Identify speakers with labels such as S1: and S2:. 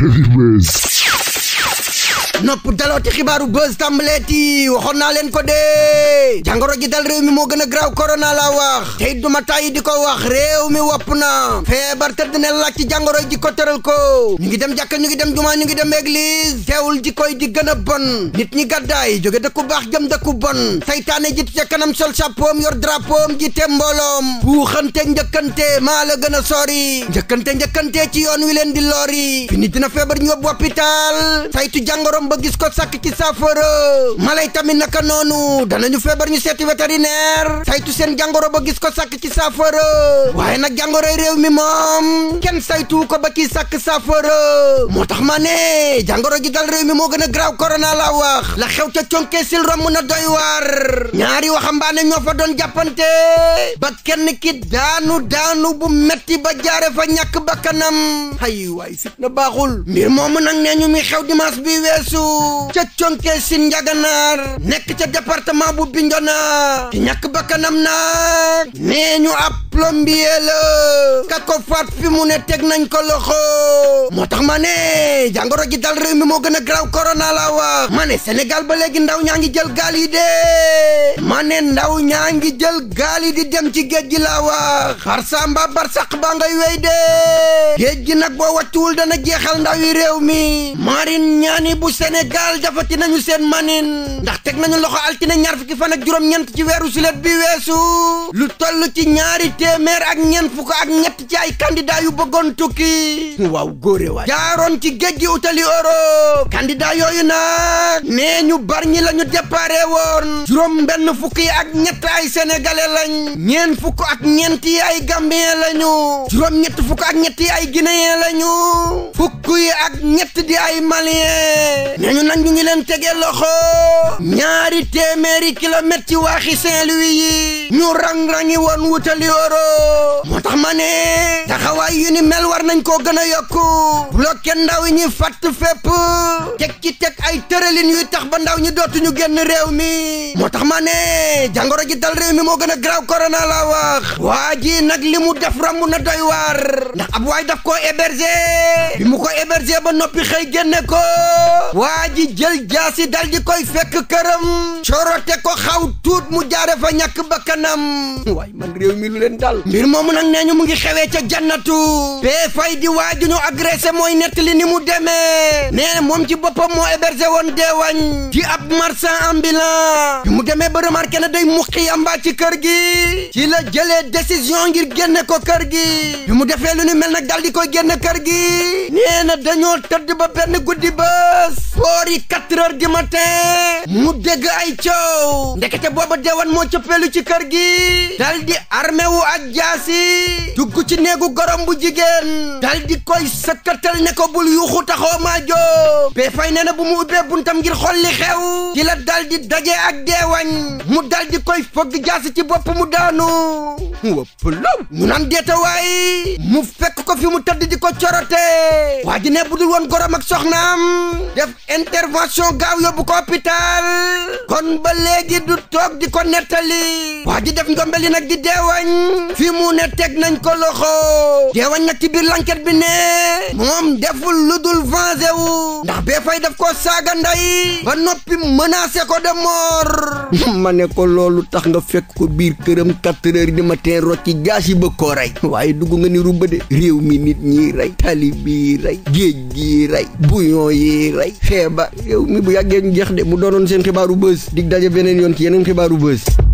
S1: Heavy Mess. nopp dalooti xibaaru buzz tàmbaleeti waxoon naa leen ko dee jàngoro ji dal réew mi moo gën a graaw korona la wax tey duma tàyyi di ko wax réew mi wopp na feebar tëdd ne laaj ci jàngoro ji ko tëral ko ñu ngi dem jàkka ñu ngi dem jumaa ñu ngi dem église teewul ji koy di gën a bon nit ñi gàddaay jóge dëkku baax jëm dëkku bon saytaane ji ca kanam sol chapeau yor drapeau ji te mbooloom puuxante njëkkante maa la gën a sori njëkkante njëkkante ci yoon wi leen di lori fi dina feebar ñu yóbbu hôpital saytu jàngoroom ba gis ko sàkk ci saafara mala yi tamit naka noonu ñu feebar ñu seeti vétérinaire saytu seen jàngoro ba gis ko sàkk ci saafara waaye nag jàngoroy réew mi moom kenn saytu ko ba ci sàkk saafara moo tax ma ne jàngoro ji dal réew mi moo gën a graaw corona laa wax la xew ca conkee sil romb na doy waar ñaari waxambaane ñoo fa doon jàppante ba kenn ki daanu daanu bu metti ba jaare fa ñàkk bakkanam ay waay sit na baaxul mbir moomu nag nee ñu mi xew dimanche faatu ca conkee sim njaganaar nekk ca département bu Bignona ki ñàkk bakkanam nag nee ñu ab plombier la ka ko faat fi mu ne teg nañ ko loxo moo tax ma ne jàngoro ji dal réew mi moo gën a graw corona la wax ma ne Sénégal ba léegi ndaw ñaa ngi jël gaal yi de ma ne ndaw ñaa ngi jël gaal yi di dem ci géej gi la wax barsamba barsaq baa ngay wey de géej nag boo wàccuwul dana jeexal ndaw yi réew mi marine ñaani bu Sénégal dafati nañu seen manin ndax teg nañu loxo altine ñaar fukki fan ak juróom-ñeent ci weeru sulet bi weesu lu toll ci ñaari téeméer ak ñeent fukk ak ñett ci ay candidat yu bëggoon tukki waaw góore waay jaaroon ci géej gi utali Europe candidat yooyu nee ñu bari ñi la ñu déparé woon juróom benn fukk yi ak ñett ay sénégalais lañ ñeent fukk ak ñeent yi ay gambien lañu juróom ñett fukk ak ñett yi ay guinéen lañu fukk yi ak ñett di ay malien nee ñu nag ñu ngi leen tegee loxo ñaari téeméeri kilomètres ci waaxi Saint-Louis ñu rang-rangi woon wutali Europe tiitaroo moo tax ma ne taxawaay yu ni mel war nañ koo gën a yokku bloqué ndaw yi ñuy fàtt fépp teg ci ay tëralin yuy tax ba ndaw ñu dootuñu génn réew mi moo tax ma ne jàngoro ji dal réew mi moo gën a graw corona la wax waa ji nag li mu def ramb na doy waar ndax ab waay daf koo héberger bi mu ko héberger ba noppi xëy génne ko waa ji jël jaasi dal di koy fekk këram corote ko xaw tuut mu jaare fa ñàkk bakkanam waay man réew mi leen dal mbir moomu nag nee ñu mu ngi xewee ca jannatu bee fay di waa ju ñu agressé mooy nettali ni mu demee nee moom ci boppam moo hébergé woon deewañ ci ab marchand ambulant bi mu demee ba remarqué na day muqi amba ci kër gi ci la jëlee décision ngir génne ko kër gi bi mu defee lu ni mel nag dal koy génne kër gi nee na dañoo tëdd ba benn guddi bés boori quatre heures matin mu dégg ay coow ndekete booba deewan moo cëppeelu ci kër gi dal di ak jaasi dugg ci néegu gorom bu jigéen dal di koy sëkkatal ne ko bul yuuxu taxoo maa bee fay nee bu mu ubbee buntam ngir xol li xew ci la daje ak deewañ mu dal di koy fogg jaasi ci bopp mu daanu wëpp law mu naan deetawaay mu fekk ko fi mu tëdd di ko corote waa ji ne bu dul woon gorom ak soxnaam def intervention gaaw yóbbu ko hôpital kon ba léegi du toog di ko nettali waa def ndombeli nag di deewañ fi mu ne teg nañ ko loxo jeewañ nag ci biir lanket bi ne moom deful lu dul vengé wu ndax bee fay daf koo saaga nday ba noppi menacé ko de mort ma ne ko loolu tax nga fekk ko biir këram quatre heures du matin rocci jaas yi bëgg koo rey waaye dugg nga ni rubba de réew mi nit ñi rey tali bii rey géej gii rey bouillon yi rey feebar réew mi bu yàggee ñu jeex de mu doonoon seen xibaaru bës dig daje beneen yoon ci yeneen xibaaru bës